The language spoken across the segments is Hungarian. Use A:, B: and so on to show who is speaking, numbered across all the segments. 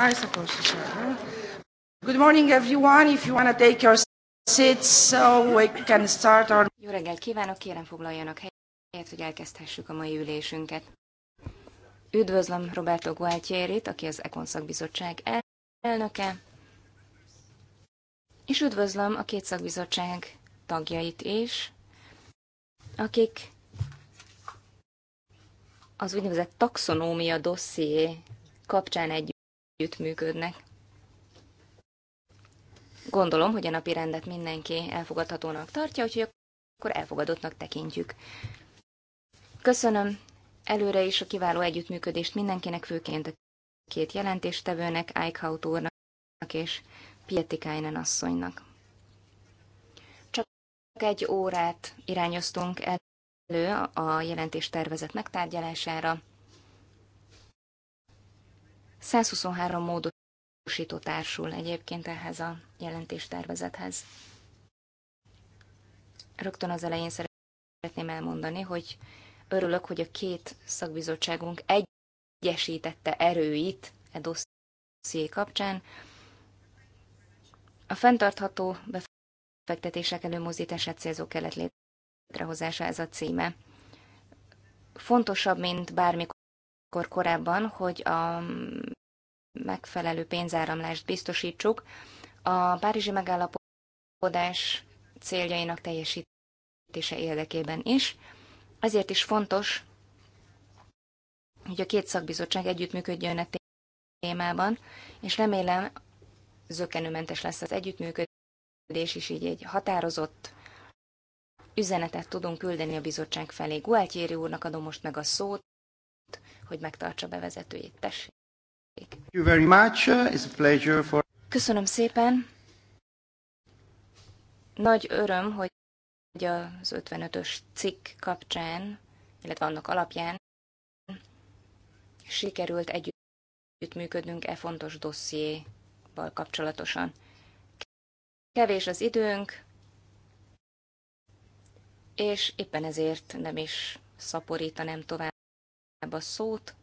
A: I suppose so.
B: Good morning everyone, if you want to take your seats so uh, we can start our... Jó reggelt kívánok, kérem foglaljanak helyet, hogy elkezdhessük a mai ülésünket. Üdvözlöm Roberto Gualtierit, aki az Econ szakbizottság elnöke, és üdvözlöm a két szakbizottság tagjait is, akik az úgynevezett taxonómia dosszié kapcsán együttműködnek. Gondolom, hogy a napi rendet mindenki elfogadhatónak tartja, úgyhogy akkor elfogadottnak tekintjük. Köszönöm előre is a kiváló együttműködést mindenkinek, főként a két jelentéstevőnek, Eichhaut úrnak és Pietikainen asszonynak. Csak egy órát irányoztunk elő a jelentés tervezet megtárgyalására. 123 módosító társul egyébként ehhez a jelentéstervezethez. Rögtön az elején szeretném elmondani, hogy örülök, hogy a két szakbizottságunk egyesítette erőit e dosszié kapcsán. A fenntartható befektetések előmozdítását célzó kelet létrehozása ez a címe. Fontosabb, mint bármikor kor korábban, hogy a megfelelő pénzáramlást biztosítsuk, a párizsi megállapodás céljainak teljesítése érdekében is. Ezért is fontos, hogy a két szakbizottság együttműködjön a e témában, és remélem zökenőmentes lesz az együttműködés is, így egy határozott üzenetet tudunk küldeni a bizottság felé. Gualtieri úrnak adom most meg a szót, hogy megtartsa bevezetőjét. Tessék!
C: Thank you very much. It's a pleasure for...
B: Köszönöm szépen! Nagy öröm, hogy az 55-ös cikk kapcsán, illetve annak alapján sikerült együttműködnünk e fontos dossziéval kapcsolatosan. Kevés az időnk, és éppen ezért nem is szaporítanám tovább a szót,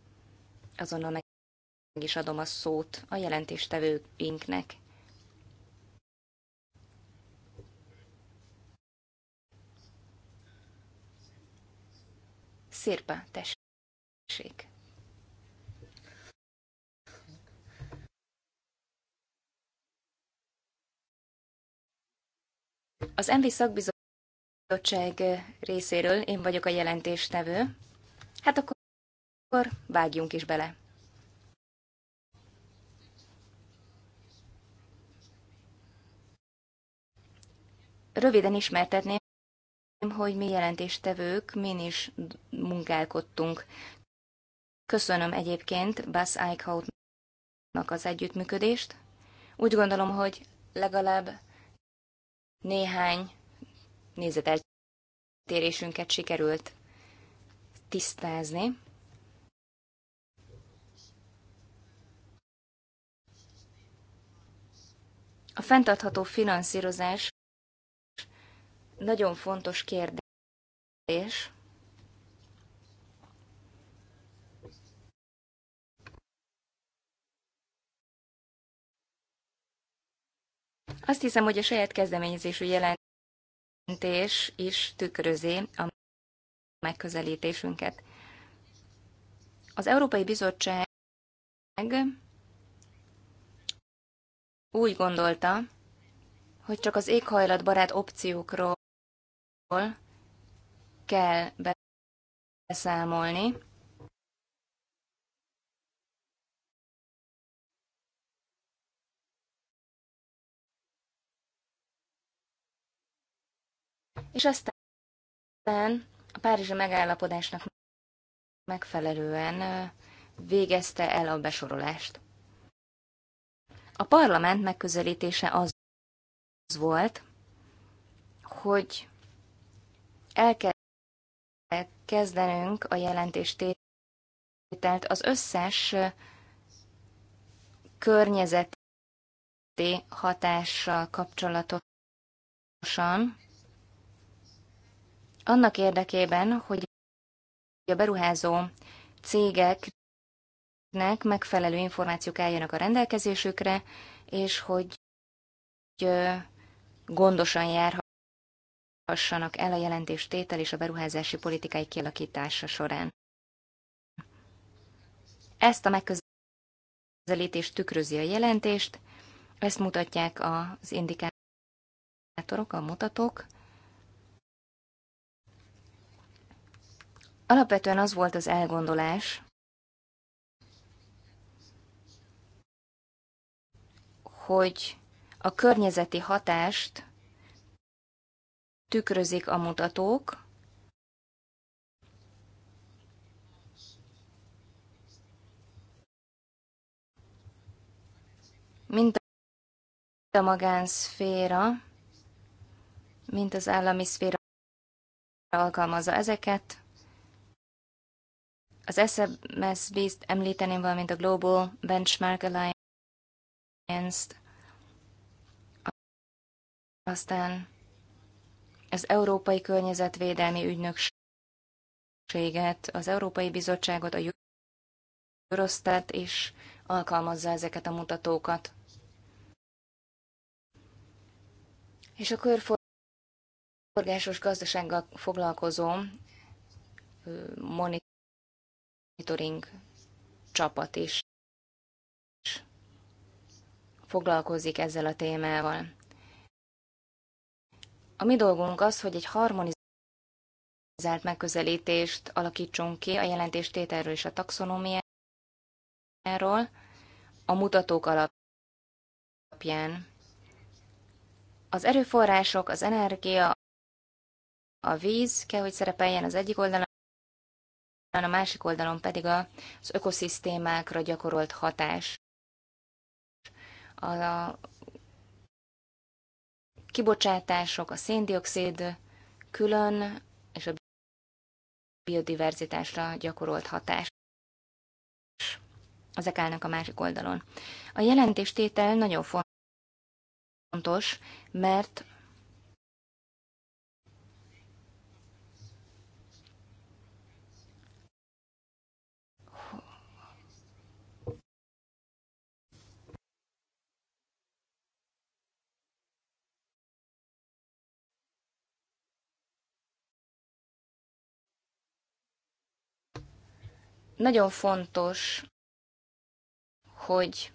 B: azonnal meg is adom a szót a jelentéstevőinknek. Szirpa, tessék! Az MV szakbizottság részéről én vagyok a jelentéstevő. Hát akkor akkor vágjunk is bele. Röviden ismertetném, hogy mi jelentéstevők, mi is munkálkodtunk. Köszönöm egyébként Bass Eichhoutnak az együttműködést. Úgy gondolom, hogy legalább néhány nézeteltérésünket sikerült tisztázni. A fenntartható finanszírozás nagyon fontos kérdés. Azt hiszem, hogy a saját kezdeményezésű jelentés is tükrözi a megközelítésünket. Az Európai Bizottság úgy gondolta, hogy csak az éghajlatbarát opciókról kell beszámolni. És aztán a Párizsi megállapodásnak megfelelően végezte el a besorolást. A parlament megközelítése az volt, hogy el kell kezdenünk a jelentéstételt az összes környezeti hatással kapcsolatosan, annak érdekében, hogy a beruházó cégek nek megfelelő információk álljanak a rendelkezésükre, és hogy gondosan járhassanak el a jelentés tétel és a beruházási politikai kialakítása során. Ezt a megközelítést tükrözi a jelentést, ezt mutatják az indikátorok, a mutatók. Alapvetően az volt az elgondolás, hogy a környezeti hatást tükrözik a mutatók, mint a magánszféra, mint az állami szféra alkalmazza ezeket. Az SMS-t említeném, valamint a Global Benchmark Alliance pénzt. Aztán az Európai Környezetvédelmi Ügynökséget, az Európai Bizottságot, a Eurostat is alkalmazza ezeket a mutatókat. És a körforgásos gazdasággal foglalkozó monitoring csapat is foglalkozik ezzel a témával. A mi dolgunk az, hogy egy harmonizált megközelítést alakítsunk ki a jelentéstételről és a taxonómiáról, a mutatók alapján. Az erőforrások, az energia, a víz kell, hogy szerepeljen az egyik oldalon, a másik oldalon pedig az ökoszisztémákra gyakorolt hatás a kibocsátások, a széndiokszid külön, és a biodiverzitásra gyakorolt hatás. Ezek állnak a másik oldalon. A jelentéstétel nagyon fontos, mert Nagyon fontos, hogy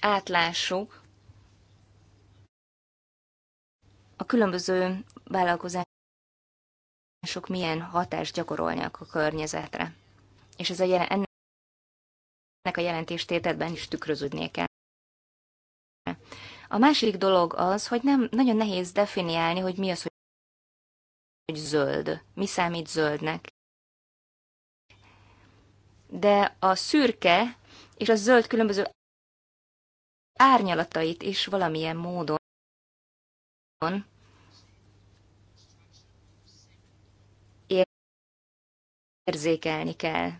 B: átlássuk a különböző vállalkozások milyen hatást gyakorolnak a környezetre. És ez a jelen, ennek a jelentéstétetben is tükröződnie kell. A másik dolog az, hogy nem nagyon nehéz definiálni, hogy mi az, hogy zöld. Mi számít zöldnek? De a szürke és a zöld különböző árnyalatait is valamilyen módon érzékelni kell.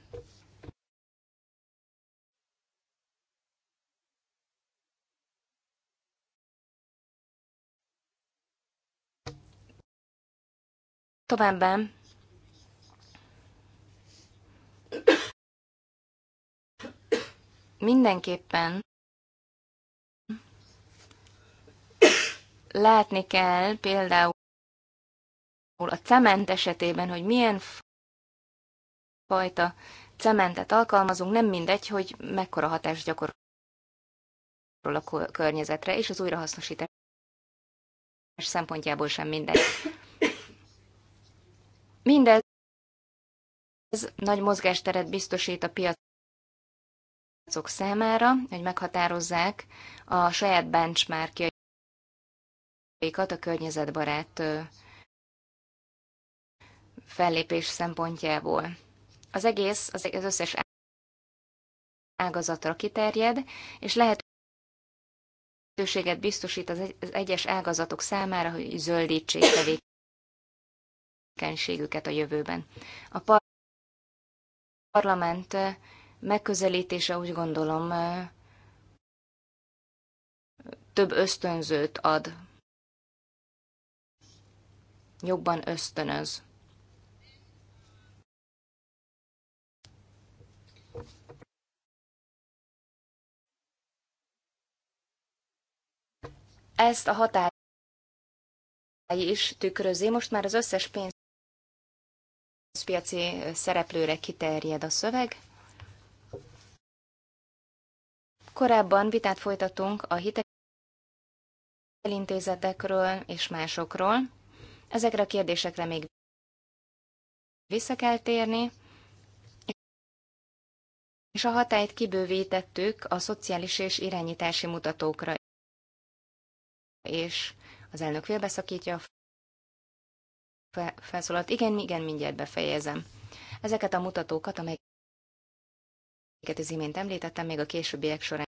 B: Továbbá mindenképpen látni kell például a cement esetében, hogy milyen fajta cementet alkalmazunk, nem mindegy, hogy mekkora hatást gyakorol a környezetre, és az újrahasznosítás szempontjából sem mindegy. Mindez nagy mozgásteret biztosít a piacok számára, hogy meghatározzák a saját benchmarkjaikat a környezetbarát fellépés szempontjából. Az egész, az összes ágazatra kiterjed, és lehetőséget biztosít az egyes ágazatok számára, hogy zöldítsék tevékenységüket a jövőben. A parlament eh, megközelítése úgy gondolom eh, több ösztönzőt ad, jobban ösztönöz. Ezt a határ is tükrözi, most már az összes pénz piaci szereplőre kiterjed a szöveg. Korábban vitát folytatunk a hitelintézetekről és másokról. Ezekre a kérdésekre még vissza kell térni, és a hatályt kibővítettük a szociális és irányítási mutatókra. És az elnök félbeszakítja a felszólalt. Igen, igen, mindjárt befejezem. Ezeket a mutatókat, amelyeket az imént említettem, még a későbbiek során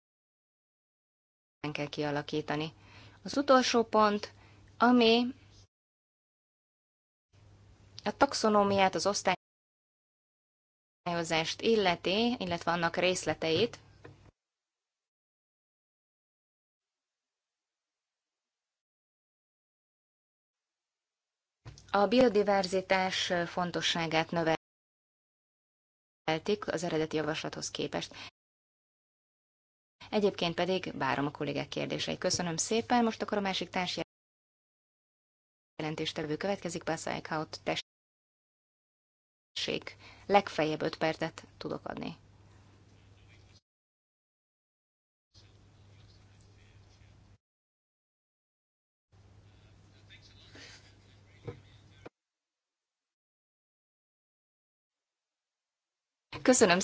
B: kell kialakítani. Az utolsó pont, ami a taxonómiát, az osztályozást illeti, illetve annak részleteit, A biodiverzitás fontosságát növelték az eredeti javaslathoz képest. Egyébként pedig várom a kollégák kérdéseit. Köszönöm szépen, most akkor a másik társ jelentéstevő következik, Passzájkhaut, tessék. Legfeljebb öt percet tudok adni. Köszönöm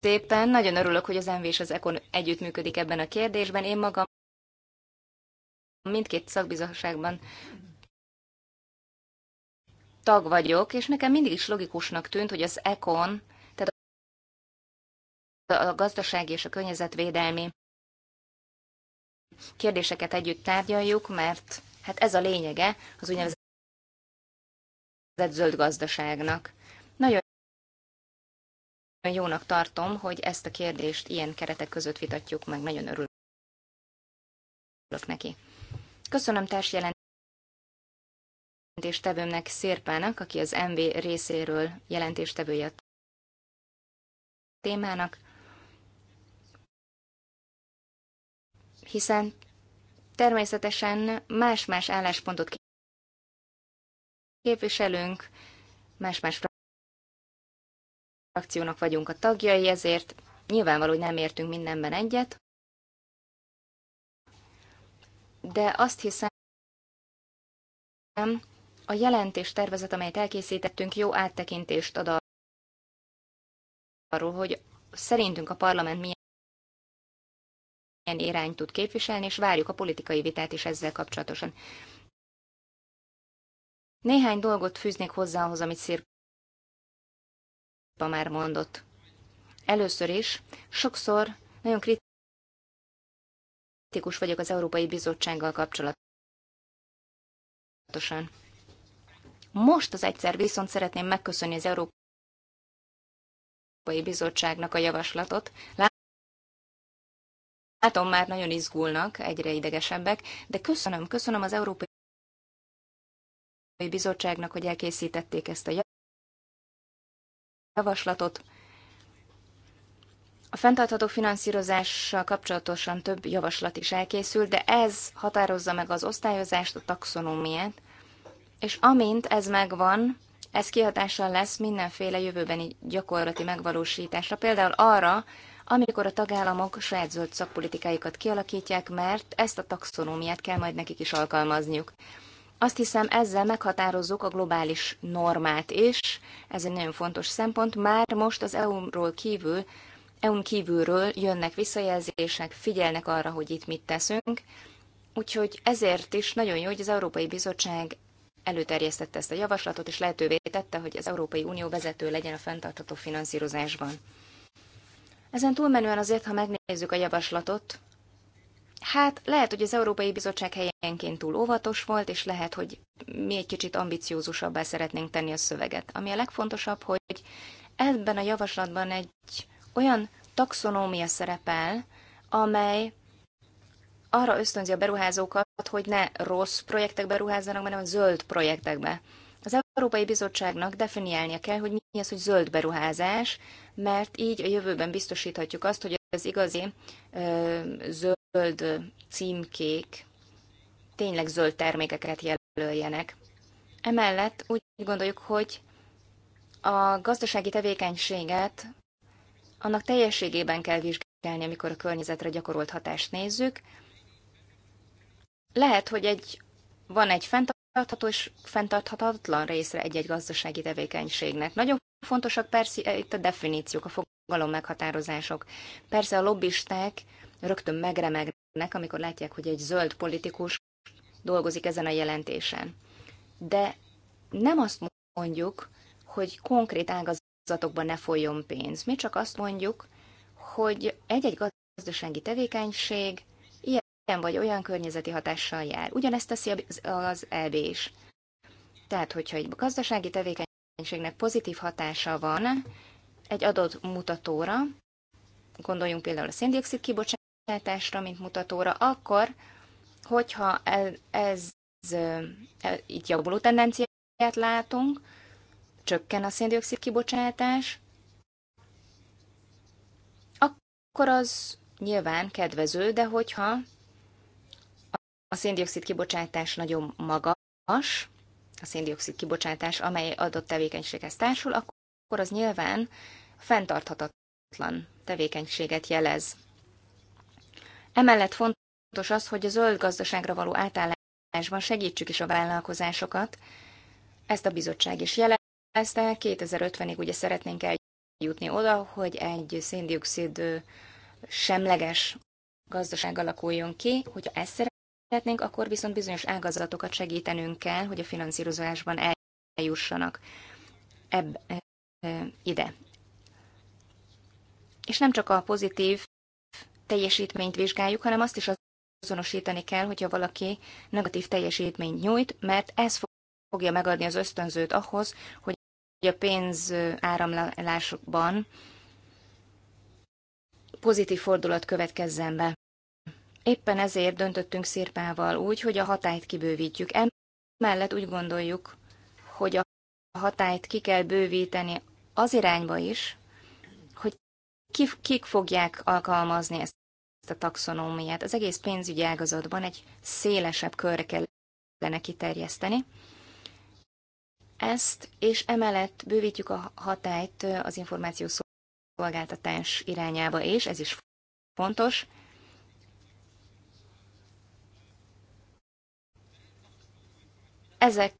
B: szépen, nagyon örülök, hogy az MV és az EKON együttműködik ebben a kérdésben. Én magam mindkét szakbizottságban tag vagyok, és nekem mindig is logikusnak tűnt, hogy az ECON, tehát a gazdasági és a környezetvédelmi kérdéseket együtt tárgyaljuk, mert hát ez a lényege az úgynevezett zöld gazdaságnak jónak tartom, hogy ezt a kérdést ilyen keretek között vitatjuk meg. Nagyon örülök neki. Köszönöm társ jelentéstevőmnek Szérpának, aki az MV részéről jelentéstevője a témának, hiszen természetesen más-más álláspontot képviselünk, más-más frakciónak vagyunk a tagjai, ezért nyilvánvaló, hogy nem értünk mindenben egyet, de azt hiszem, a jelentés tervezet, amelyet elkészítettünk, jó áttekintést ad arról, hogy szerintünk a parlament milyen irányt tud képviselni, és várjuk a politikai vitát is ezzel kapcsolatosan. Néhány dolgot fűznék hozzá ahhoz, amit Szirk ma már mondott. Először is, sokszor nagyon kritikus vagyok az Európai Bizottsággal kapcsolatosan. Most az egyszer viszont szeretném megköszönni az Európai Bizottságnak a javaslatot. Látom, már nagyon izgulnak, egyre idegesebbek, de köszönöm, köszönöm az Európai Bizottságnak, hogy elkészítették ezt a javaslatot javaslatot. A fenntartható finanszírozással kapcsolatosan több javaslat is elkészült, de ez határozza meg az osztályozást, a taxonómiát, és amint ez megvan, ez kihatással lesz mindenféle jövőbeni gyakorlati megvalósításra, például arra, amikor a tagállamok saját zöld szakpolitikáikat kialakítják, mert ezt a taxonómiát kell majd nekik is alkalmazniuk. Azt hiszem, ezzel meghatározzuk a globális normát is, ez egy nagyon fontos szempont. Már most az EU-ról kívül, EU-n kívülről jönnek visszajelzések, figyelnek arra, hogy itt mit teszünk, úgyhogy ezért is nagyon jó, hogy az Európai Bizottság előterjesztette ezt a javaslatot, és lehetővé tette, hogy az Európai Unió vezető legyen a fenntartható finanszírozásban. Ezen túlmenően azért, ha megnézzük a javaslatot, Hát lehet, hogy az Európai Bizottság helyenként túl óvatos volt, és lehet, hogy mi egy kicsit ambiciózusabbá szeretnénk tenni a szöveget. Ami a legfontosabb, hogy ebben a javaslatban egy olyan taxonómia szerepel, amely arra ösztönzi a beruházókat, hogy ne rossz projektekbe ruházzanak, hanem a zöld projektekbe. Az Európai Bizottságnak definiálnia kell, hogy mi az, hogy zöld beruházás, mert így a jövőben biztosíthatjuk azt, hogy az igazi ö, zöld zöld címkék tényleg zöld termékeket jelöljenek. Emellett úgy gondoljuk, hogy a gazdasági tevékenységet annak teljességében kell vizsgálni, amikor a környezetre gyakorolt hatást nézzük. Lehet, hogy egy, van egy fenntartható és fenntarthatatlan részre egy-egy gazdasági tevékenységnek. Nagyon fontosak persze itt a definíciók, a fogalom meghatározások. Persze a lobbisták rögtön megremegnek, amikor látják, hogy egy zöld politikus dolgozik ezen a jelentésen. De nem azt mondjuk, hogy konkrét ágazatokban ne folyjon pénz. Mi csak azt mondjuk, hogy egy-egy gazdasági tevékenység ilyen vagy olyan környezeti hatással jár. Ugyanezt teszi az EB is. Tehát, hogyha egy gazdasági tevékenységnek pozitív hatása van egy adott mutatóra, gondoljunk például a széndiokszid kibocsátásra, mint mutatóra, akkor, hogyha ez, ez, ez itt javuló tendenciát látunk, csökken a széndiokszid kibocsátás, akkor az nyilván kedvező, de hogyha a széndiokszid kibocsátás nagyon magas, a széndiokszid kibocsátás, amely adott tevékenységhez társul, akkor az nyilván fenntarthatatlan tevékenységet jelez. Emellett fontos az, hogy a zöld gazdaságra való átállásban segítsük is a vállalkozásokat. Ezt a bizottság is jelezte. 2050-ig ugye szeretnénk eljutni oda, hogy egy széndiokszid semleges gazdaság alakuljon ki, hogy ezt szeretnénk, akkor viszont bizonyos ágazatokat segítenünk kell, hogy a finanszírozásban eljussanak ebbe e, ide. És nem csak a pozitív teljesítményt vizsgáljuk, hanem azt is azonosítani kell, hogyha valaki negatív teljesítményt nyújt, mert ez fogja megadni az ösztönzőt ahhoz, hogy a pénz áramlásokban pozitív fordulat következzen be. Éppen ezért döntöttünk Szirpával úgy, hogy a hatályt kibővítjük. Emellett úgy gondoljuk, hogy a hatályt ki kell bővíteni az irányba is, hogy kik fogják alkalmazni ezt ezt a taxonómiát. Az egész pénzügyi ágazatban egy szélesebb körre kellene kiterjeszteni. Ezt, és emellett bővítjük a hatályt az információs szolgáltatás irányába, és ez is fontos. Ezeket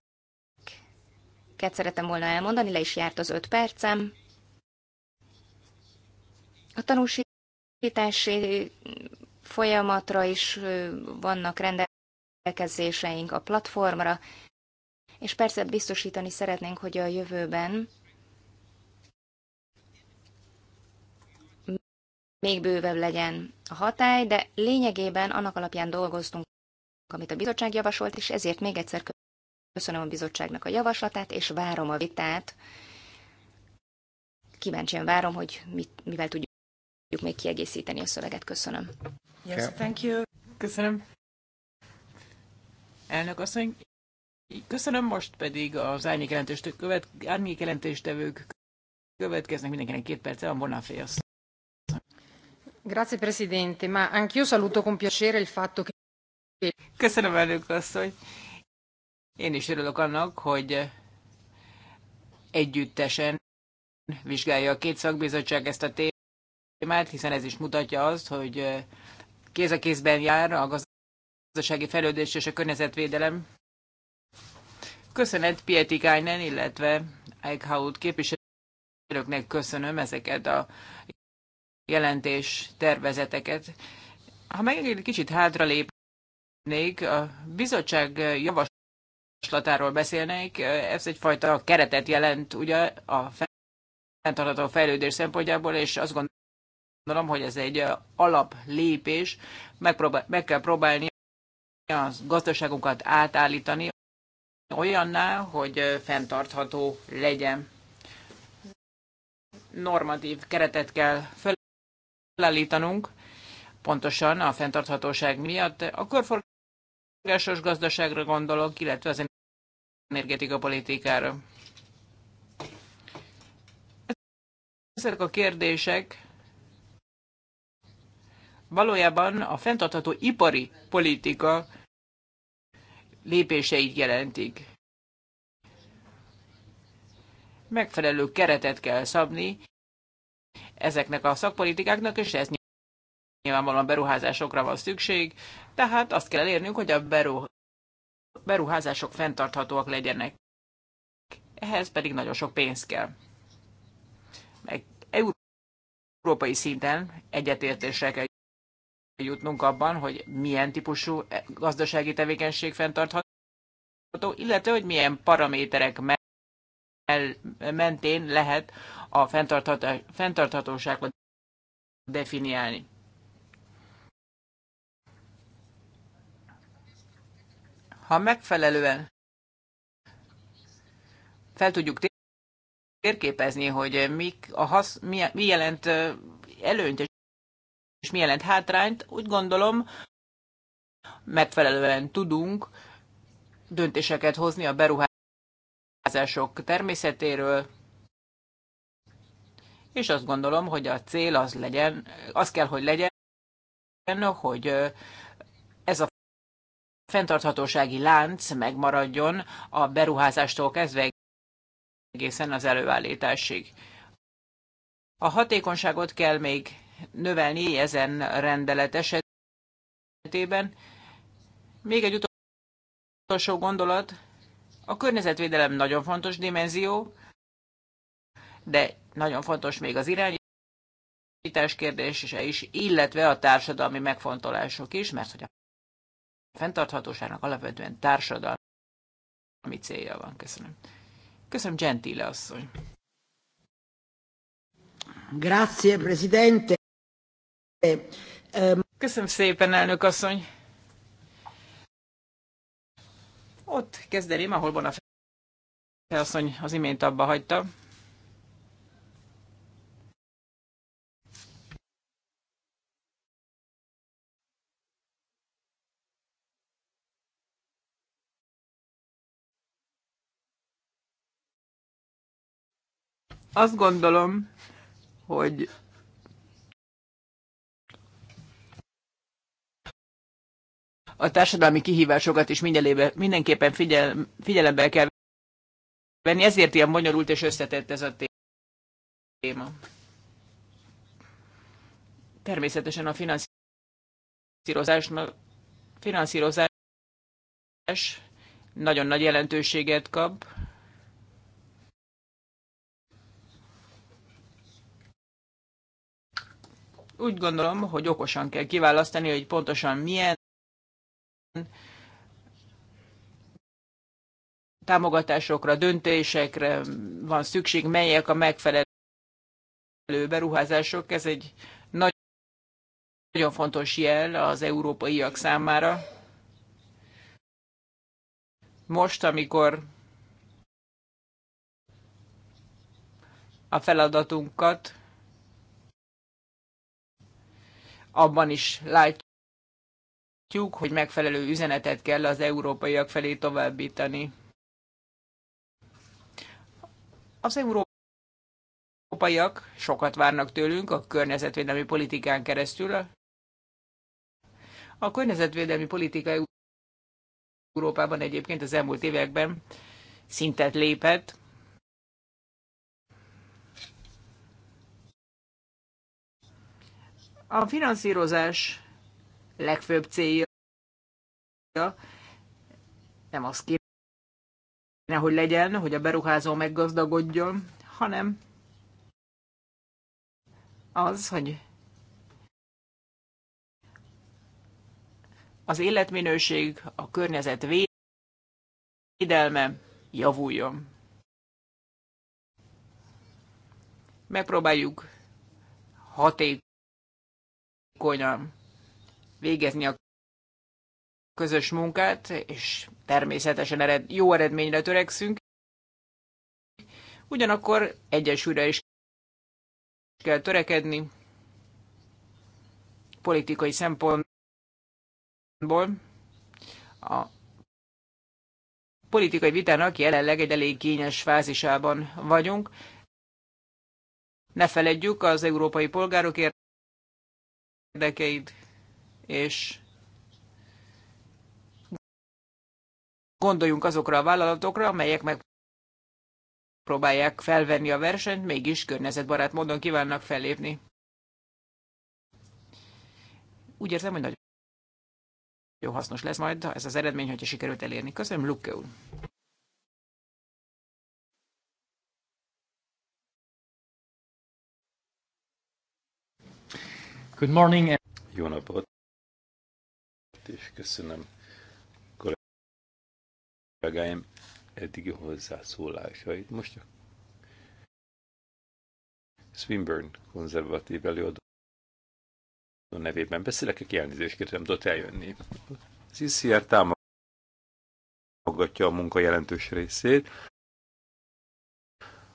B: szeretem volna elmondani, le is járt az öt percem. A tanúsít Kitási folyamatra is vannak rendelkezéseink a platformra, és persze biztosítani szeretnénk, hogy a jövőben még bővebb legyen a hatály, de lényegében annak alapján dolgoztunk, amit a bizottság javasolt, és ezért még egyszer köszönöm a bizottságnak a javaslatát, és várom a vitát. Kíváncsian várom, hogy mit, mivel tudjuk még kiegészíteni a szöveget. Köszönöm. Yes, thank you. Köszönöm.
A: Elnök asszony, köszönöm, most pedig az árnyék jelentéstevők követ, árnyék jelentéstevők következnek mindenkinek két perce, a Bonafé
B: Grazie Presidente, ma anch'io saluto con piacere il fatto che... Köszönöm,
A: elnök asszony. Én is örülök annak, hogy együttesen vizsgálja a két szakbizottság ezt a témát, problémát, hiszen ez is mutatja azt, hogy kéz a kézben jár a gazdasági fejlődés és a környezetvédelem. Köszönet Pieti Kájnen, illetve Eichhaut képviselőknek köszönöm ezeket a jelentés tervezeteket. Ha meg egy kicsit hátralépnék, a bizottság javaslatáról beszélnék, ez egyfajta keretet jelent ugye a fenntartható fejlődés szempontjából, és azt gondolom, hogy ez egy alap lépés, meg kell próbálni a gazdaságunkat átállítani olyanná, hogy fenntartható legyen. Normatív keretet kell felállítanunk, pontosan a fenntarthatóság miatt. A körforgásos gazdaságra gondolok, illetve az politikára. Ezek a kérdések valójában a fenntartható ipari politika lépéseit jelentik. Megfelelő keretet kell szabni ezeknek a szakpolitikáknak, és ez nyilvánvalóan beruházásokra van szükség, tehát azt kell elérnünk, hogy a beruházások fenntarthatóak legyenek. Ehhez pedig nagyon sok pénz kell. Meg európai szinten egyetértésre kell jutnunk abban, hogy milyen típusú eh, gazdasági tevékenység fenntartható, illetve hogy milyen paraméterek mentén lehet a fenntarthatóságot definiálni. Ha megfelelően fel tudjuk térképezni, hogy mik a hasz, mi, mi jelent eh, előnyt és és mi jelent hátrányt, úgy gondolom, megfelelően tudunk döntéseket hozni a beruházások természetéről, és azt gondolom, hogy a cél az legyen, az kell, hogy legyen, hogy ez a fenntarthatósági lánc megmaradjon a beruházástól kezdve egészen az előállításig. A hatékonyságot kell még növelni ezen rendelet esetében. Még egy utolsó gondolat. A környezetvédelem nagyon fontos dimenzió, de nagyon fontos még az irányítás kérdése is, illetve a társadalmi megfontolások is, mert hogy a fenntarthatóságnak alapvetően társadalmi célja van. Köszönöm. Köszönöm, Gentile asszony. Grazie, Presidente. Köszönöm szépen, elnök asszony. Ott kezdeném, ahol van a asszony az imént abba hagyta. Azt gondolom, hogy a társadalmi kihívásokat is mindenképpen figyel, figyelembe kell venni, ezért ilyen bonyolult és összetett ez a téma. Természetesen a finanszírozásnak finanszírozás nagyon nagy jelentőséget kap. Úgy gondolom, hogy okosan kell kiválasztani, hogy pontosan milyen támogatásokra, döntésekre van szükség, melyek a megfelelő beruházások. Ez egy nagy, nagyon fontos jel az európaiak számára. Most, amikor a feladatunkat abban is látjuk, látjuk, hogy megfelelő üzenetet kell az európaiak felé továbbítani. Az európaiak sokat várnak tőlünk a környezetvédelmi politikán keresztül. A környezetvédelmi politika Európában egyébként az elmúlt években szintet lépett, A finanszírozás legfőbb célja. Nem az kéne, hogy legyen, hogy a beruházó meggazdagodjon, hanem az, hogy az életminőség, a környezet védelme javuljon. Megpróbáljuk hatékonyan végezni a közös munkát, és természetesen ered, jó eredményre törekszünk. Ugyanakkor egyensúlyra is kell törekedni politikai szempontból. A politikai vitának jelenleg egy elég kényes fázisában vagyunk. Ne feledjük az európai polgárok érdekeit, és gondoljunk azokra a vállalatokra, amelyek meg próbálják felvenni a versenyt, mégis környezetbarát módon kívánnak fellépni. Úgy érzem, hogy nagyon jó hasznos lesz majd ez az eredmény,
B: hogyha sikerült elérni. Köszönöm, Luke úr!
C: Good morning. Jó napot! és köszönöm kollégáim eddigi hozzászólásait. Most a Swinburne konzervatív előadó nevében beszélek, aki elnézést kérte, nem tudott eljönni. Az ICR támogatja a munka jelentős részét,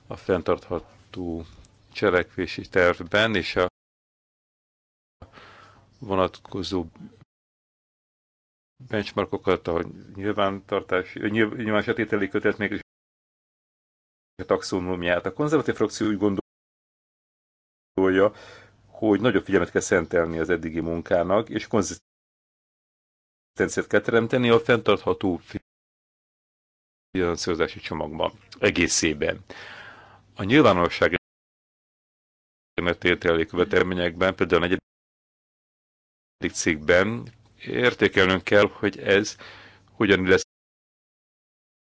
C: a fenntartható cselekvési tervben és a vonatkozó benchmarkokat, a nyilvántartás, nyilvánsátételi kötet mégis a taxonómiát. A konzervatív frakció úgy gondolja, hogy nagyobb figyelmet kell szentelni az eddigi munkának, és konzisztenciát kell teremteni a fenntartható finanszírozási csomagban, egészében. A nyilvánosság tételi követelményekben, például a negyedik cikkben értékelnünk kell, hogy ez hogyan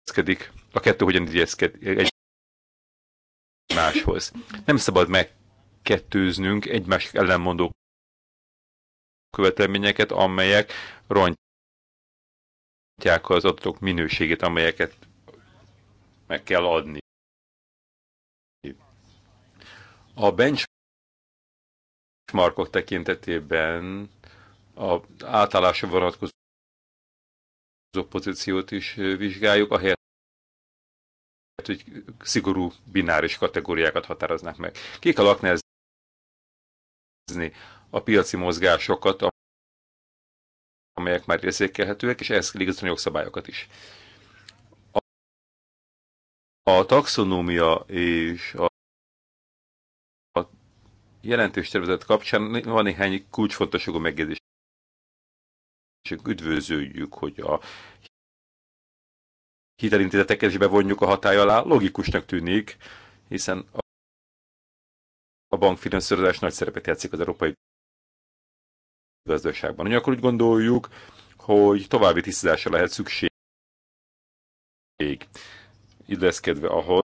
C: illeszkedik, a kettő hogyan illeszkedik máshoz. Nem szabad megkettőznünk egymás ellenmondó követelményeket, amelyek rontják az adatok minőségét, amelyeket meg kell adni. A benchmarkok tekintetében a átállásra vonatkozó pozíciót is vizsgáljuk, ahelyett, hogy szigorú bináris kategóriákat határoznak meg. Ki kell aknázni a piaci mozgásokat, amelyek már érzékelhetőek, és ehhez kell igazolni jogszabályokat is. A taxonómia és a jelentéstervezet kapcsán van néhány kulcsfontosságú megjegyzés csak üdvözöljük, hogy a hitelintézeteket is bevonjuk a hatály alá, logikusnak tűnik, hiszen a bankfinanszírozás nagy szerepet játszik az európai gazdaságban. akkor úgy gondoljuk, hogy további tisztázásra lehet szükség illeszkedve ahhoz,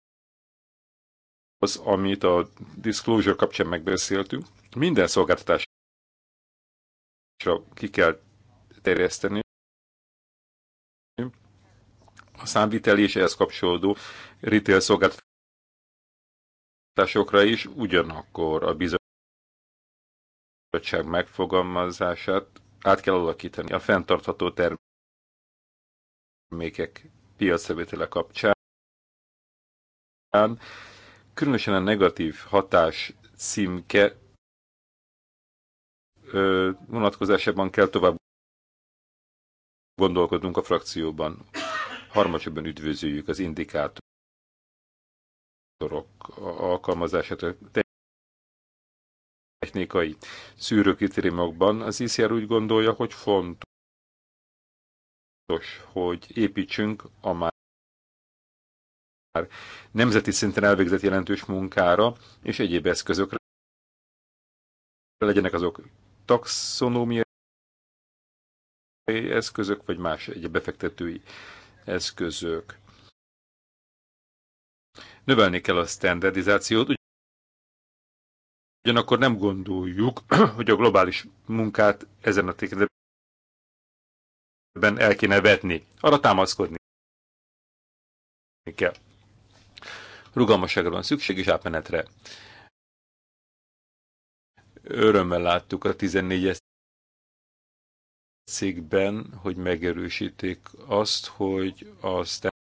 C: az, amit a disclosure kapcsán megbeszéltünk, minden szolgáltatásra ki kell terjeszteni a számviteli és ehhez kapcsolódó retail szolgáltatásokra is, ugyanakkor a bizottság megfogalmazását át kell alakítani a fenntartható termékek piacrevétele kapcsán. Különösen a negatív hatás címke vonatkozásában kell tovább gondolkodunk a frakcióban. Harmadsorban üdvözöljük az indikátorok alkalmazását a technikai szűrőkritériumokban. Az ICR úgy gondolja, hogy fontos, hogy építsünk a már nemzeti szinten elvégzett jelentős munkára és egyéb eszközökre legyenek azok taxonómiai eszközök, vagy más egy befektetői eszközök. Növelni kell a standardizációt, ugyanakkor nem gondoljuk, hogy a globális munkát ezen a tekintetben el kéne vetni. Arra támaszkodni kell. Rugalmasságra van szükség, és átmenetre. Örömmel láttuk a 14-es cikkben, hogy megerősítik azt, hogy a standard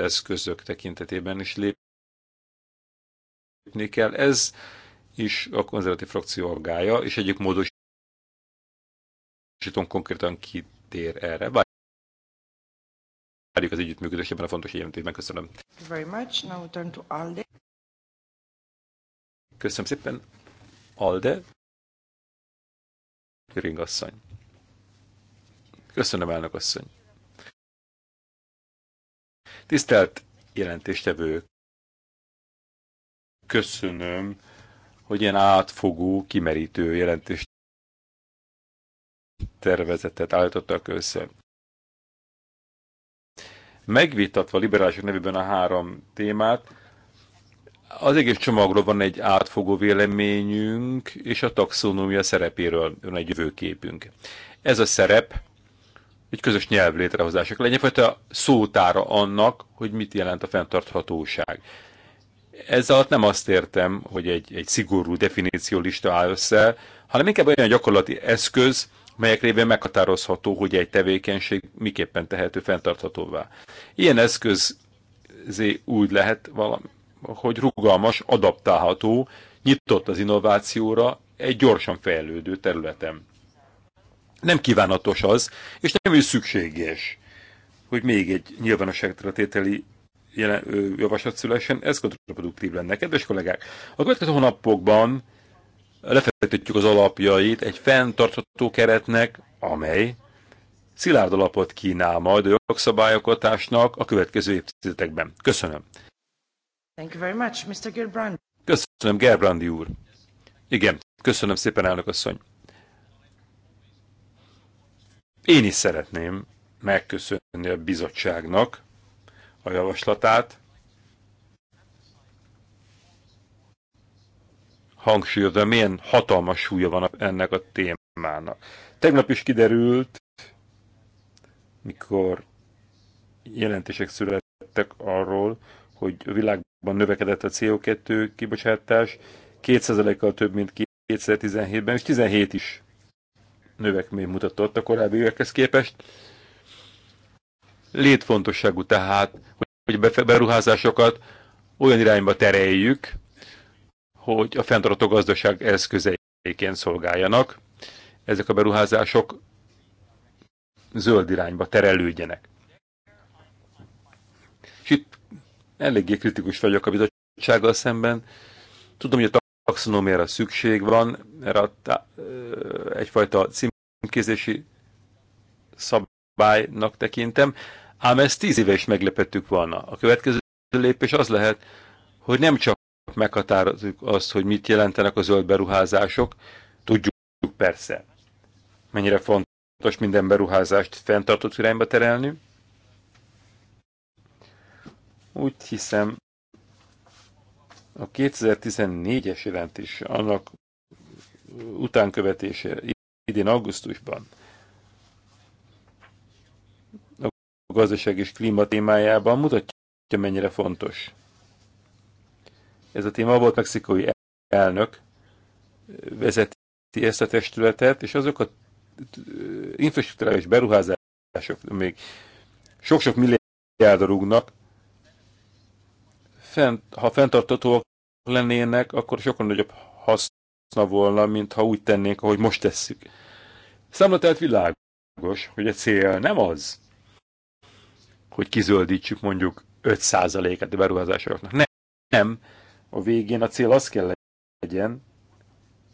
C: eszközök tekintetében is lépni kell. Ez is a konzervatív frakció aggája, és egyik módosítom konkrétan kitér erre. Bár várjuk az együttműködést ebben a fontos jelentésben. Köszönöm. Very
A: much. Now turn to Alde.
C: Köszönöm szépen. Alde. Göring asszony. Köszönöm, elnök asszony. Tisztelt jelentéstevő, köszönöm, hogy ilyen átfogó, kimerítő jelentést tervezetet állítottak össze. Megvitatva liberálisok nevében a három témát, az egész csomagról van egy átfogó véleményünk, és a taxonómia szerepéről van egy jövőképünk. Ez a szerep egy közös nyelv létrehozása Legyen egyfajta szótára annak, hogy mit jelent a fenntarthatóság. Ez alatt nem azt értem, hogy egy, egy szigorú definíciólista áll össze, hanem inkább olyan gyakorlati eszköz, melyek révén meghatározható, hogy egy tevékenység miképpen tehető fenntarthatóvá. Ilyen eszköz úgy lehet valami, hogy rugalmas, adaptálható, nyitott az innovációra egy gyorsan fejlődő területen. Nem kívánatos az, és nem is szükséges, hogy még egy nyilvánosságra tételi javaslat szülessen, ez kontraproduktív lenne. Kedves kollégák, a következő hónapokban lefektetjük az alapjait egy fenntartható keretnek, amely szilárd alapot kínál majd a jogszabályokatásnak a következő évtizedekben. Köszönöm.
A: Thank you very much, Mr. Gerbrand.
C: Köszönöm, Gerbrandi úr. Igen, köszönöm szépen, elnök asszony. Én is szeretném megköszönni a bizottságnak a javaslatát. Hangsúlyozom, milyen hatalmas súlya van ennek a témának. Tegnap is kiderült, mikor jelentések születtek arról, hogy a világ ban növekedett a CO2 kibocsátás, 2%-kal több, mint 2017-ben, és 17 is növekmény mutatott a korábbi évekhez képest. Létfontosságú tehát, hogy a beruházásokat olyan irányba tereljük, hogy a fenntartó gazdaság eszközeiként szolgáljanak. Ezek a beruházások zöld irányba terelődjenek. És itt eléggé kritikus vagyok a bizottsággal szemben. Tudom, hogy a taxonómiára szükség van, erre egyfajta címkézési szabálynak tekintem, ám ez tíz éve is meglepettük volna. A következő lépés az lehet, hogy nem csak meghatározunk azt, hogy mit jelentenek a zöld beruházások, tudjuk persze, mennyire fontos minden beruházást fenntartott irányba terelni, úgy hiszem, a 2014-es jelentés annak utánkövetése idén augusztusban a gazdaság és klíma témájában mutatja, mennyire fontos. Ez a téma volt mexikói elnök, vezeti ezt a testületet, és azok a infrastruktúrális beruházások még sok-sok milliárdra rúgnak, fent, ha fenntartatóak lennének, akkor sokkal nagyobb haszna volna, mint ha úgy tennénk, ahogy most tesszük. Számla tehát világos, hogy a cél nem az, hogy kizöldítsük mondjuk 5 át a beruházásoknak. Nem, nem. A végén a cél az kell legyen,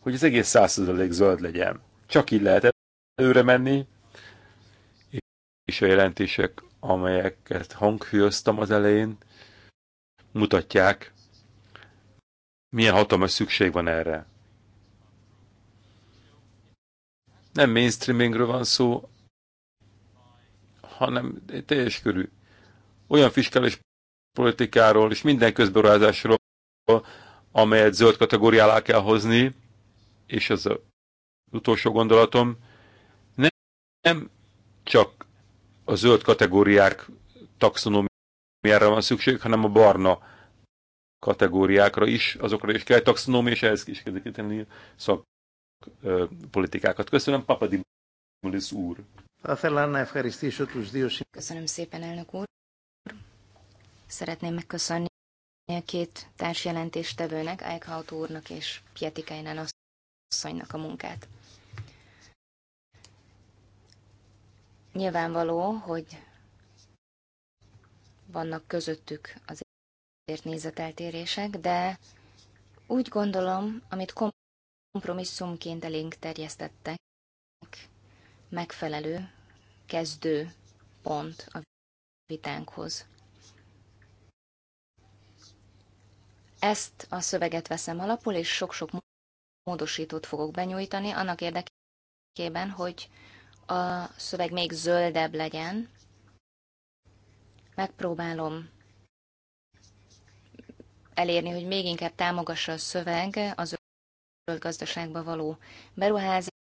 C: hogy az egész 100% zöld legyen. Csak így lehet előre menni, és a jelentések, amelyeket hangfűztem az elején, mutatják, milyen hatalmas szükség van erre. Nem mainstreamingről van szó, hanem teljes körű. Olyan fiskális politikáról és minden közberuházásról, amelyet zöld kategóriálá kell hozni, és az az utolsó gondolatom, nem, nem csak a zöld kategóriák taxonom mi erre van szükség, hanem a barna kategóriákra is, azokra is kell taxonómia, és ehhez is kell tenni szakpolitikákat. Köszönöm, Papadimulis úr.
B: Köszönöm szépen, elnök úr. Szeretném megköszönni a két társjelentéstevőnek, Eichhaut úrnak és Pietikainen asszonynak a munkát. Nyilvánvaló, hogy vannak közöttük azért nézeteltérések, de úgy gondolom, amit kompromisszumként elénk terjesztettek, megfelelő kezdő pont a vitánkhoz. Ezt a szöveget veszem alapul, és sok-sok módosítót fogok benyújtani annak érdekében, hogy a szöveg még zöldebb legyen, megpróbálom elérni, hogy még inkább támogassa a szöveg az zöld gazdaságba való beruházást,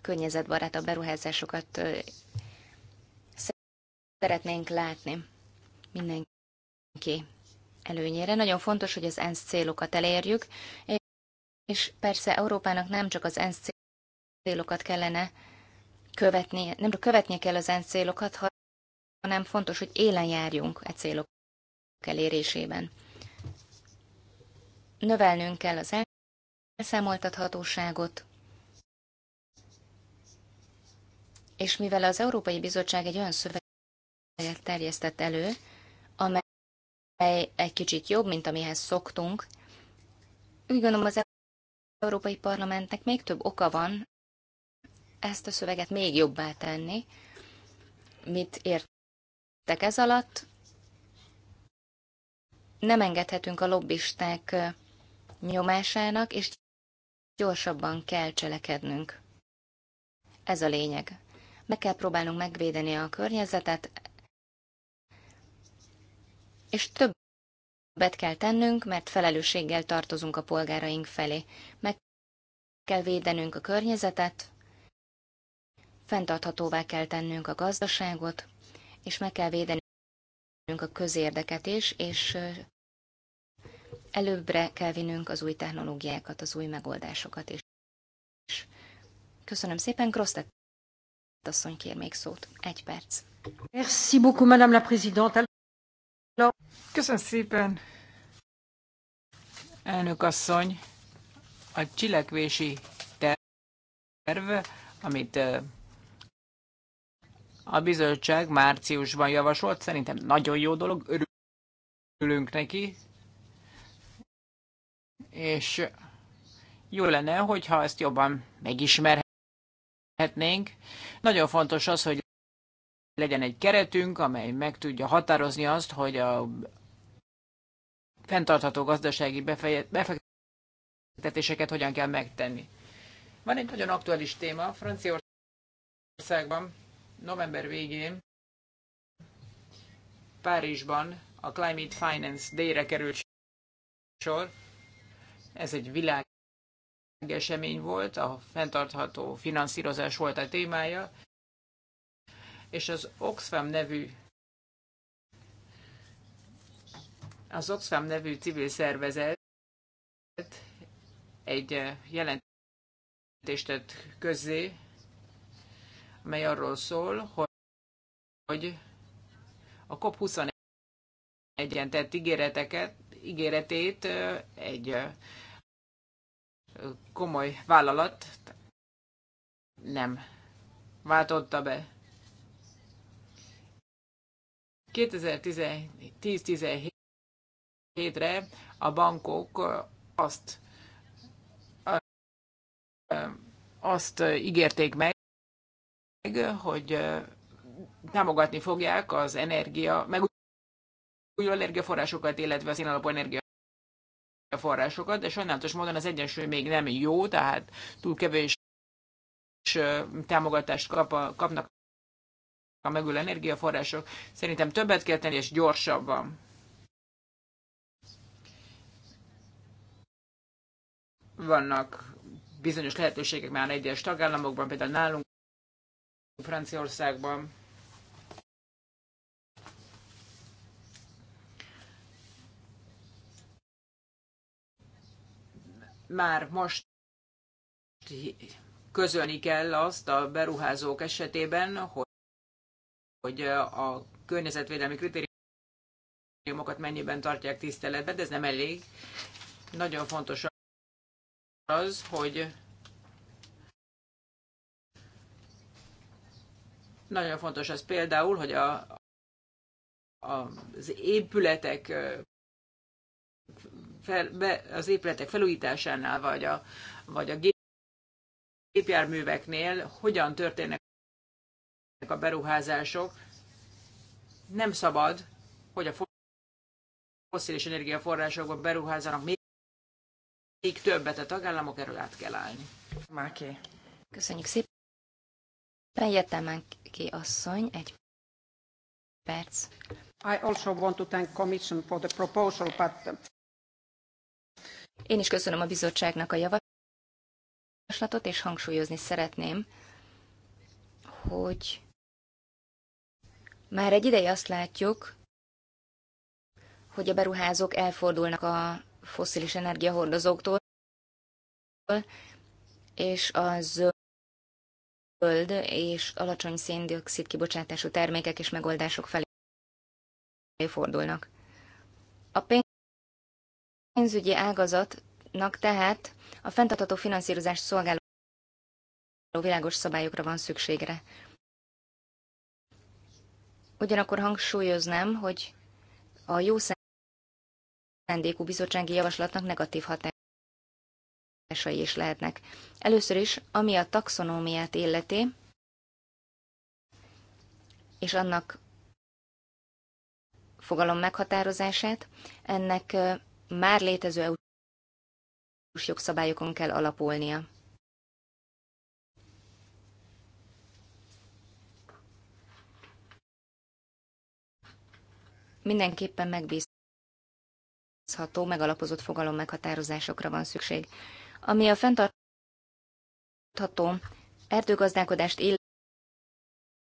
B: környezetbarát a beruházásokat szeretnénk látni mindenki előnyére. Nagyon fontos, hogy az ENSZ célokat elérjük, és persze Európának nem csak az ENSZ célokat kellene követni, nem csak követnie kell az ENSZ célokat, hanem fontos, hogy élen járjunk e célok elérésében. Növelnünk kell az elszámoltathatóságot, és mivel az Európai Bizottság egy olyan szöveget terjesztett elő, amely egy kicsit jobb, mint amihez szoktunk, úgy gondolom az Európai Parlamentnek még több oka van ezt a szöveget még jobbá tenni, mit ért értettek ez alatt. Nem engedhetünk a lobbisták nyomásának, és gyorsabban kell cselekednünk. Ez a lényeg. Meg kell próbálnunk megvédeni a környezetet, és többet kell tennünk, mert felelősséggel tartozunk a polgáraink felé. Meg kell védenünk a környezetet, fenntarthatóvá kell tennünk a gazdaságot, és meg kell védenünk a közérdeket is, és előbbre kell vinnünk az új technológiákat, az új megoldásokat is. Köszönöm szépen, Krosztet asszony kér még szót. Egy perc. Merci beaucoup, Madame la Présidente. Köszönöm
A: szépen, elnök asszony. A csilekvési terv, amit a bizottság márciusban javasolt, szerintem nagyon jó dolog, örülünk neki, és jó lenne, hogyha ezt jobban megismerhetnénk. Nagyon fontos az, hogy legyen egy keretünk, amely meg tudja határozni azt, hogy a fenntartható gazdasági befektetéseket hogyan kell megtenni. Van egy nagyon aktuális téma Franciaországban november végén Párizsban a Climate Finance Day-re került sor. Ez egy világ esemény volt, a fenntartható finanszírozás volt a témája, és az Oxfam nevű az Oxfam nevű civil szervezet egy jelentést tett közzé mely arról szól, hogy a COP21-en tett ígéreteket, ígéretét egy komoly vállalat nem váltotta be. 2010-17-re a bankok azt azt ígérték meg, hogy támogatni fogják az energia, meg új energiaforrásokat, illetve alapú energia energiaforrásokat, de sajnálatos módon az egyensúly még nem jó, tehát túl kevés támogatást kap a, kapnak a megülő energiaforrások. Szerintem többet kell tenni, és gyorsabban. Vannak bizonyos lehetőségek már egyes tagállamokban, például nálunk Franciaországban. Már most közölni kell azt a beruházók esetében, hogy a környezetvédelmi kritériumokat mennyiben tartják tiszteletben, de ez nem elég. Nagyon fontos az, hogy Nagyon fontos az például, hogy a, a, az épületek fel, be, az épületek felújításánál, vagy a, vagy a gépjárműveknél hogyan történnek a beruházások. Nem szabad, hogy a fosszilis energiaforrásokban beruházanak még, még többet a tagállamok, erről át kell
B: állni. Máké. Köszönjük szépen. Pejetemenki asszony, egy perc. I also want to thank Commission for the proposal, but... Én is köszönöm a bizottságnak a javaslatot, és hangsúlyozni szeretném, hogy már egy ideje azt látjuk, hogy a beruházók elfordulnak a fosszilis energiahordozóktól, és az zöld és alacsony széndiokszid kibocsátású termékek és megoldások felé fordulnak. A pénzügyi ágazatnak tehát a fenntartható finanszírozás szolgáló világos szabályokra van szükségre. Ugyanakkor hangsúlyoznám, hogy a jó szándékú bizottsági javaslatnak negatív hatása hatásai is lehetnek. Először is, ami a taxonómiát illeti, és annak fogalom meghatározását, ennek már létező EU-s jogszabályokon kell alapulnia. Mindenképpen megbízható, megalapozott fogalom meghatározásokra van szükség ami a fenntartható erdőgazdálkodást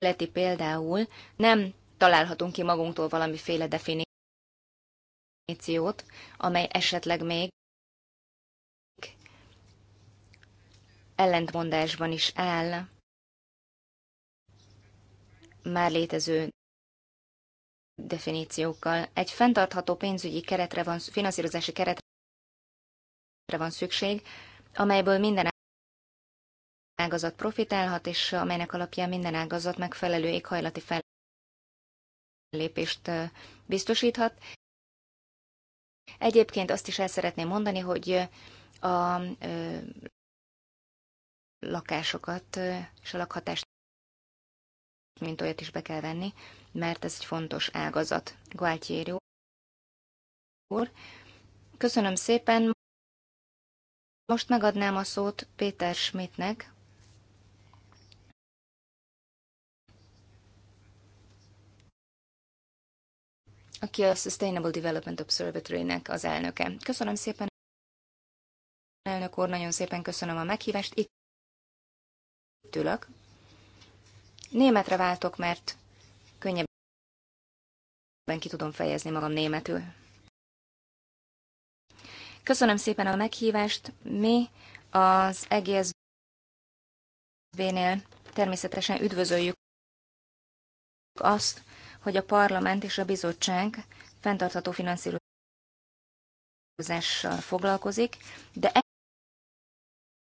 B: illeti például, nem találhatunk ki magunktól valamiféle definíciót, amely esetleg még ellentmondásban is áll már létező definíciókkal. Egy fenntartható pénzügyi keretre van, finanszírozási keretre van szükség, amelyből minden ágazat profitálhat, és amelynek alapján minden ágazat megfelelő éghajlati fellépést biztosíthat. Egyébként azt is el szeretném mondani, hogy a lakásokat és a lakhatást mint olyat is be kell venni, mert ez egy fontos ágazat. Gualtieri úr. Köszönöm szépen, most megadnám a szót Péter Schmidtnek. aki a Sustainable Development Observatory-nek az elnöke. Köszönöm szépen, elnök úr, nagyon szépen köszönöm a meghívást. Itt ülök. Németre váltok, mert könnyebben ki tudom fejezni magam németül. Köszönöm szépen a meghívást. Mi az egész nél természetesen üdvözöljük azt, hogy a parlament és a bizottság fenntartható finanszírozással foglalkozik, de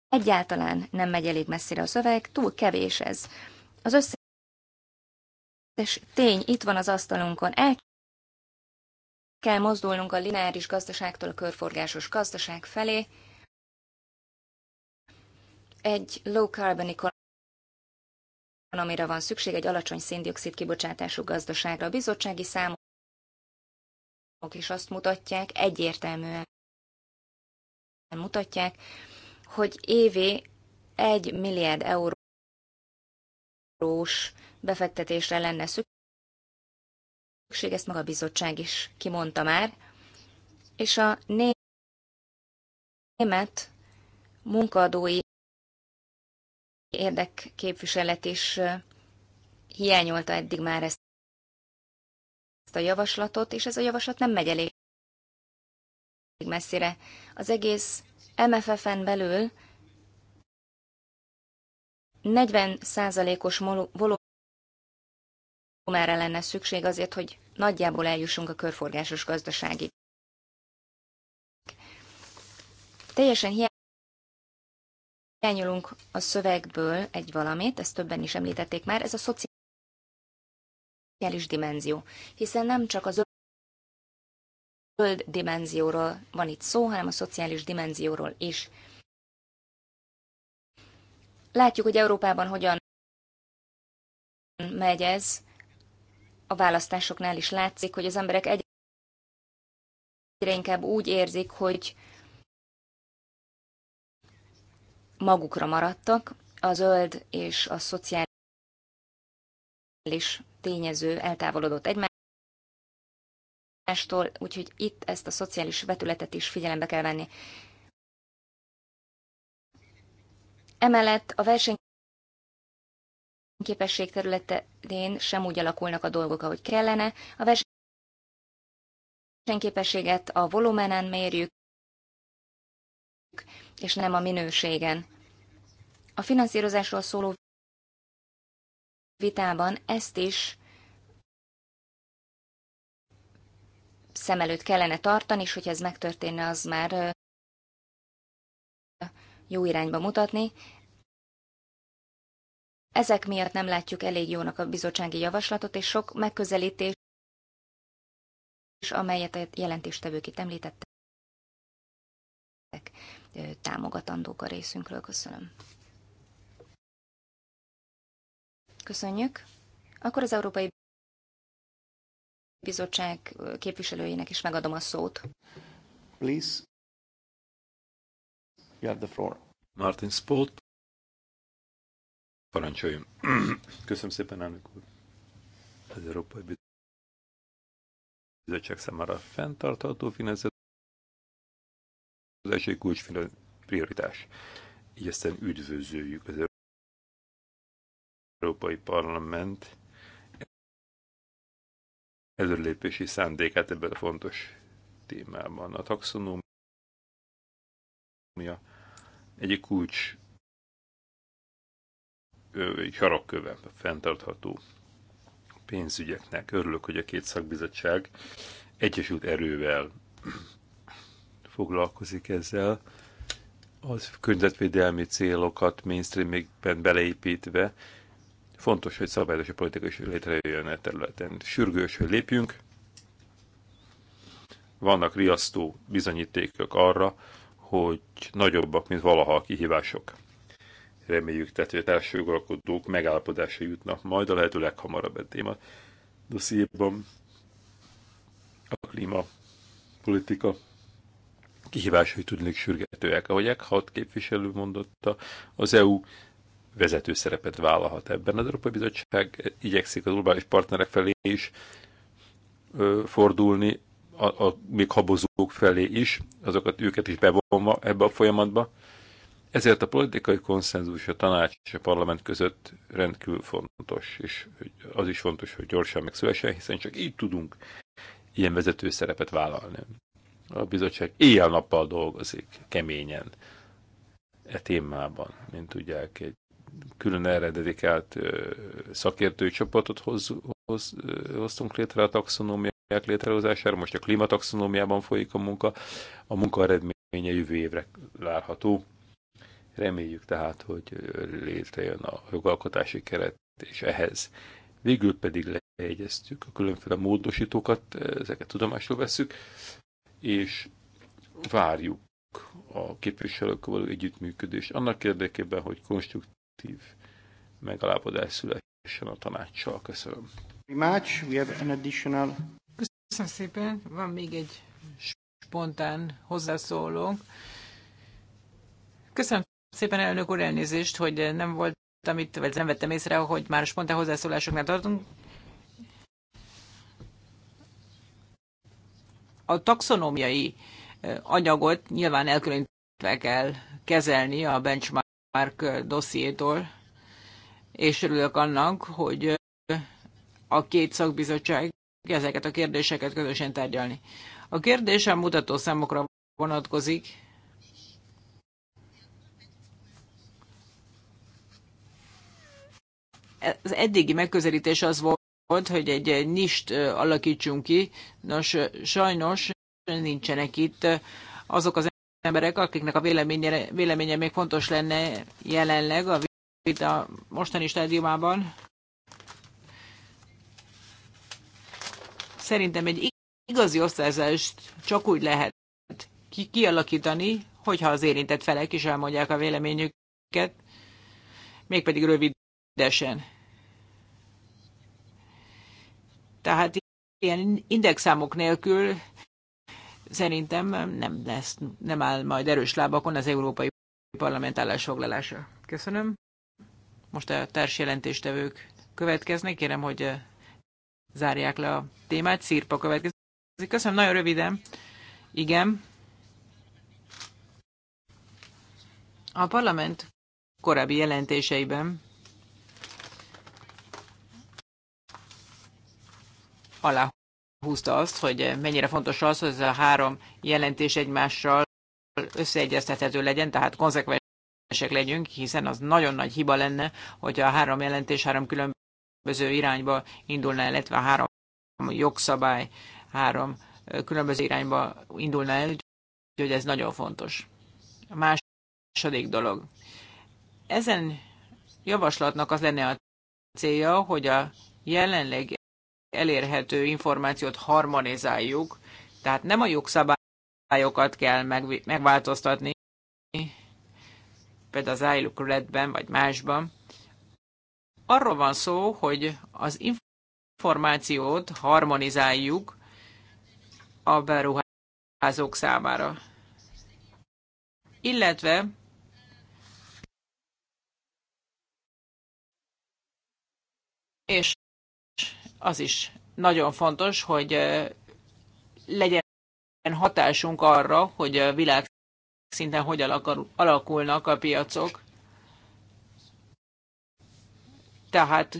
B: egyáltalán nem megy elég messzire a szöveg, túl kevés ez. Az összes tény itt van az asztalunkon, el kell mozdulnunk a lineáris gazdaságtól a körforgásos gazdaság felé. Egy low carbon economy van szükség, egy alacsony széndiokszid kibocsátású gazdaságra. A bizottsági számok is azt mutatják, egyértelműen mutatják, hogy évi egy milliárd eurós befektetésre lenne szükség, szükség, ezt maga a bizottság is kimondta már, és a német munkadói érdekképviselet is hiányolta eddig már ezt a javaslatot, és ez a javaslat nem megy elég messzire. Az egész MFF-en belül 40%-os erre lenne szükség azért, hogy nagyjából eljussunk a körforgásos gazdaságig. Teljesen hiányolunk a szövegből egy valamit, ezt többen is említették már, ez a szociális dimenzió, hiszen nem csak az zöld dimenzióról van itt szó, hanem a szociális dimenzióról is. Látjuk, hogy Európában hogyan megy ez, a választásoknál is látszik, hogy az emberek egyre inkább úgy érzik, hogy magukra maradtak, a zöld és a szociális tényező eltávolodott egymástól, úgyhogy itt ezt a szociális vetületet is figyelembe kell venni. Emellett a verseny képesség területén sem úgy alakulnak a dolgok, ahogy kellene. A versenyképességet a volumenen mérjük, és nem a minőségen. A finanszírozásról szóló vitában ezt is szem előtt kellene tartani, és hogyha ez megtörténne, az már jó irányba mutatni. Ezek miatt nem látjuk elég jónak a bizottsági javaslatot, és sok megközelítés, amelyet a jelentéstevők itt említettek, támogatandók a részünkről. Köszönöm. Köszönjük. Akkor az Európai Bizottság képviselőjének is megadom a szót.
C: Please. You have the floor. Martin Spott. Parancsoljon. Köszönöm szépen, elnök úr. Az Európai Bizottság számára fenntartható finanszírozási kulcs prioritás. Így aztán üdvözöljük az Európai Parlament előlépési szándékát ebben a fontos témában. A taxonómia egyik kulcs egy harakköve a fenntartható pénzügyeknek. Örülök, hogy a két szakbizottság egyesült erővel foglalkozik ezzel, az környezetvédelmi célokat mainstreamben beleépítve. Fontos, hogy szabályos a politika is létrejöjjön a e területen. Sürgős, hogy lépjünk. Vannak riasztó bizonyítékok arra, hogy nagyobbak, mint valaha a kihívások. Reméljük tehát, hogy a megállapodásra jutnak majd a lehető leghamarabb a téma dossziéban. A klíma politika kihívásai tudnék sürgetőek. Ahogy Eckhart képviselő mondotta, az EU vezető szerepet vállalhat ebben. Az Európai Bizottság igyekszik az globális partnerek felé is ö, fordulni, a, a még habozók felé is, azokat őket is bevonva ebbe a folyamatba. Ezért a politikai konszenzus a tanács és a parlament között rendkívül fontos, és az is fontos, hogy gyorsan megszülessen, hiszen csak így tudunk ilyen vezető szerepet vállalni. A bizottság éjjel-nappal dolgozik, keményen, e témában, mint tudják, egy külön erre dedikált szakértői csoportot hoz, hoz, hoztunk létre a taxonómiák létrehozására, most a klímataxonómiában folyik a munka, a munka eredménye jövő évre várható Reméljük tehát, hogy létrejön a jogalkotási keret, és ehhez végül pedig leegyeztük a különféle módosítókat, ezeket tudomásul vesszük, és várjuk a képviselőkkel való együttműködést annak érdekében, hogy konstruktív megalapodás szülessen a tanácssal. Köszönöm. Köszönöm
A: szépen. Van még egy spontán hozzászólónk. Köszönöm szépen, elnök úr, elnézést, hogy nem volt amit, vagy nem vettem észre, hogy már a hozzászólásoknál tartunk. A taxonómiai anyagot nyilván elkülönítve kell kezelni a benchmark dossziétól, és örülök annak, hogy a két szakbizottság ezeket a kérdéseket közösen tárgyalni. A kérdésem mutató számokra vonatkozik, az eddigi megközelítés az volt, hogy egy nist alakítsunk ki. Nos, sajnos nincsenek itt azok az emberek, akiknek a véleménye, véleménye még fontos lenne jelenleg a vita mostani stádiumában. Szerintem egy igazi osztályzást csak úgy lehet kialakítani, hogyha az érintett felek is elmondják a véleményüket, mégpedig rövidesen. Tehát ilyen indexszámok nélkül szerintem nem lesz, nem áll majd erős lábakon az Európai Parlament állásfoglalása. Köszönöm. Most a társjelentéstevők következnek. Kérem, hogy eh, zárják le a témát. Szírpa következik. Köszönöm, nagyon röviden. Igen. A parlament korábbi jelentéseiben aláhúzta azt, hogy mennyire fontos az, hogy ez a három jelentés egymással összeegyeztethető legyen, tehát konzekvensek legyünk, hiszen az nagyon nagy hiba lenne, hogyha a három jelentés három különböző irányba indulna, illetve a három jogszabály három különböző irányba indulna el, úgyhogy ez nagyon fontos. A második dolog. Ezen javaslatnak az lenne a célja, hogy a jelenleg elérhető információt harmonizáljuk, tehát nem a jogszabályokat kell meg, megváltoztatni, például az iLook Redben vagy másban. Arról van szó, hogy az információt harmonizáljuk a beruházók számára. Illetve és az is nagyon fontos, hogy legyen hatásunk arra, hogy a világ szinten hogy alakulnak a piacok. Tehát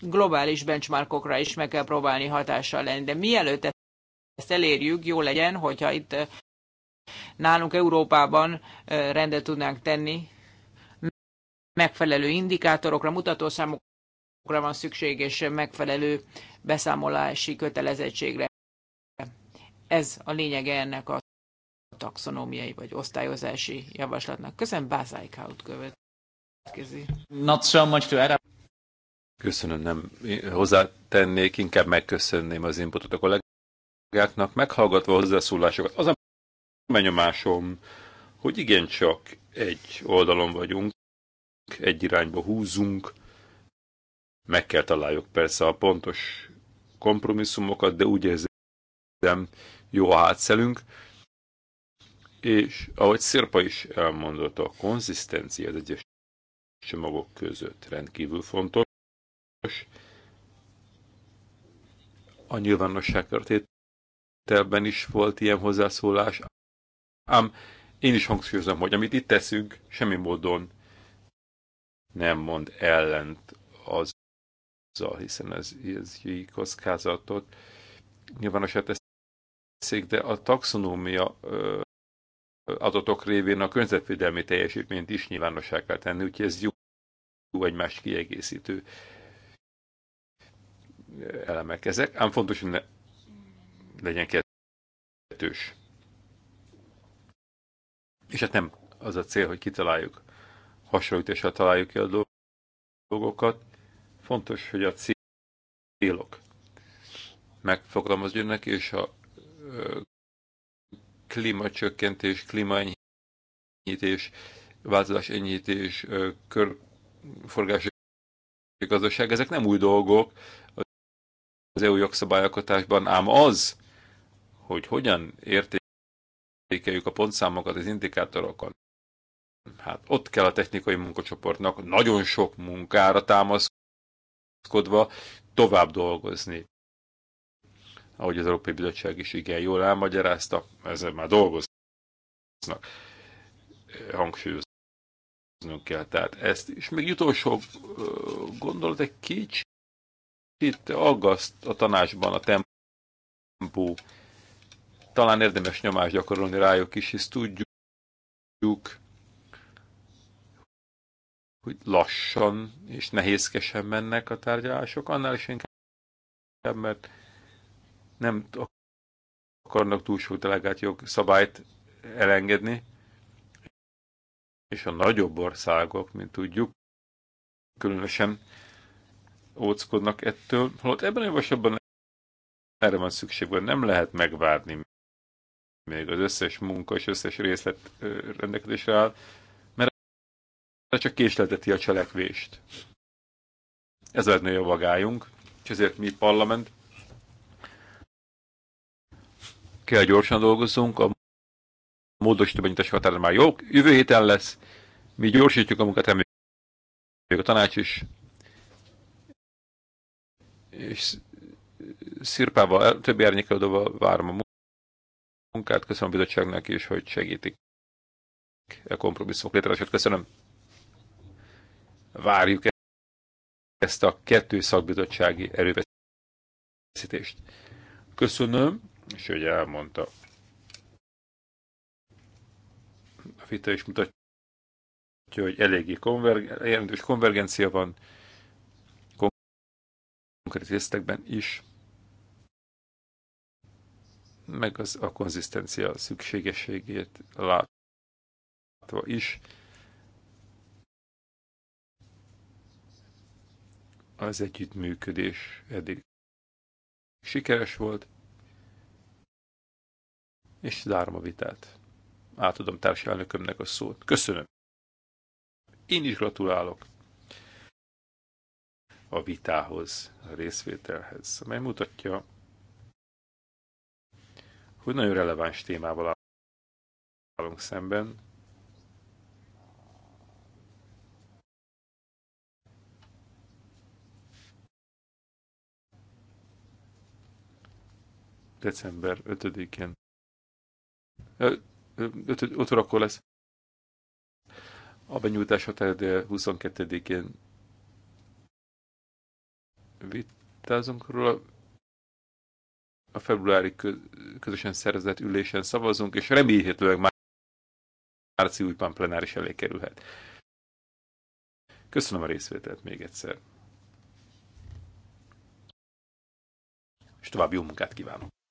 A: globális benchmarkokra is meg kell próbálni hatással lenni. De mielőtt ezt elérjük, jó legyen, hogyha itt nálunk Európában rendet tudnánk tenni megfelelő indikátorokra, mutatószámokra, van szükség, és megfelelő beszámolási kötelezettségre. Ez a lényege ennek a taxonómiai vagy osztályozási javaslatnak. Köszönöm, Hout
C: következik. Not so much to add Köszönöm, nem hozzátennék, inkább megköszönném az inputot a kollégáknak, meghallgatva a hozzászólásokat. Az a benyomásom, hogy igencsak egy oldalon vagyunk, egy irányba húzunk, meg kell találjuk persze a pontos kompromisszumokat, de úgy érzem, jó a hátszelünk. És ahogy Szirpa is elmondott, a konzisztencia az egyes csomagok között rendkívül fontos. A nyilvánosság történetelben is volt ilyen hozzászólás, ám én is hangsúlyozom, hogy amit itt teszünk, semmi módon nem mond ellent az azzal, hiszen ez, ESG kockázatot a teszik, de a taxonómia adatok révén a környezetvédelmi teljesítményt is nyilvánosság kell tenni, úgyhogy ez jó, jó egymás kiegészítő elemek ezek, ám fontos, hogy ne legyen kettős. És hát nem az a cél, hogy kitaláljuk, hasonlítással találjuk ki a dolgokat, Fontos, hogy a célok megfogalmazódjanak, és a klímacsökkentés, klímaenyhítés, változás enyhítés, körforgási gazdaság, ezek nem új dolgok az EU jogszabályalkotásban, ám az, hogy hogyan értékeljük a pontszámokat az indikátorokon, hát ott kell a technikai munkacsoportnak nagyon sok munkára támaszkodni, kapaszkodva tovább dolgozni. Ahogy az Európai Bizottság is igen jól elmagyarázta, ezzel már dolgoznak. Hangsúlyoznunk kell tehát ezt. És még utolsó gondolat, egy kicsit aggaszt a tanácsban a tempó. Talán érdemes nyomást gyakorolni rájuk is, hisz tudjuk, hogy lassan és nehézkesen mennek a tárgyalások, annál is inkább, mert nem akarnak túl sok delegált jogszabályt elengedni, és a nagyobb országok, mint tudjuk, különösen óckodnak ettől, holott ebben a javaslatban erre van szükség, hogy nem lehet megvárni, még az összes munka és összes részlet rendelkezésre áll, csak késlelteti a cselekvést. Ez lett nagyobb agályunk, és ezért mi parlament kell gyorsan dolgozzunk, a módosító benyitás határa már jó, jövő héten lesz, mi gyorsítjuk a munkát, reméljük a tanács is, és szirpával, többi dobva várom a munkát, köszönöm a bizottságnak is, hogy segítik a e kompromisszumok létrehozását. Köszönöm. Várjuk ezt a kettő szakbizottsági erőfeszítést. Köszönöm, és hogy elmondta. A Fita is mutatja, hogy eléggé konverg jelentős konvergencia van konkrét részletekben is, meg az a konzisztencia szükségességét látva is. az együttműködés eddig sikeres volt, és zárom a vitát. Átadom társelnökömnek a szót. Köszönöm. Én is gratulálok a vitához, a részvételhez, amely mutatja, hogy nagyon releváns témával állunk szemben, december 5-én. 5, 5 akkor lesz. A benyújtás határideje 22-én. Vitázunk róla. A februári közösen szervezett ülésen szavazunk, és remélhetőleg már márciusban plenáris elé kerülhet. Köszönöm a részvételt még egyszer. És további jó munkát kívánok!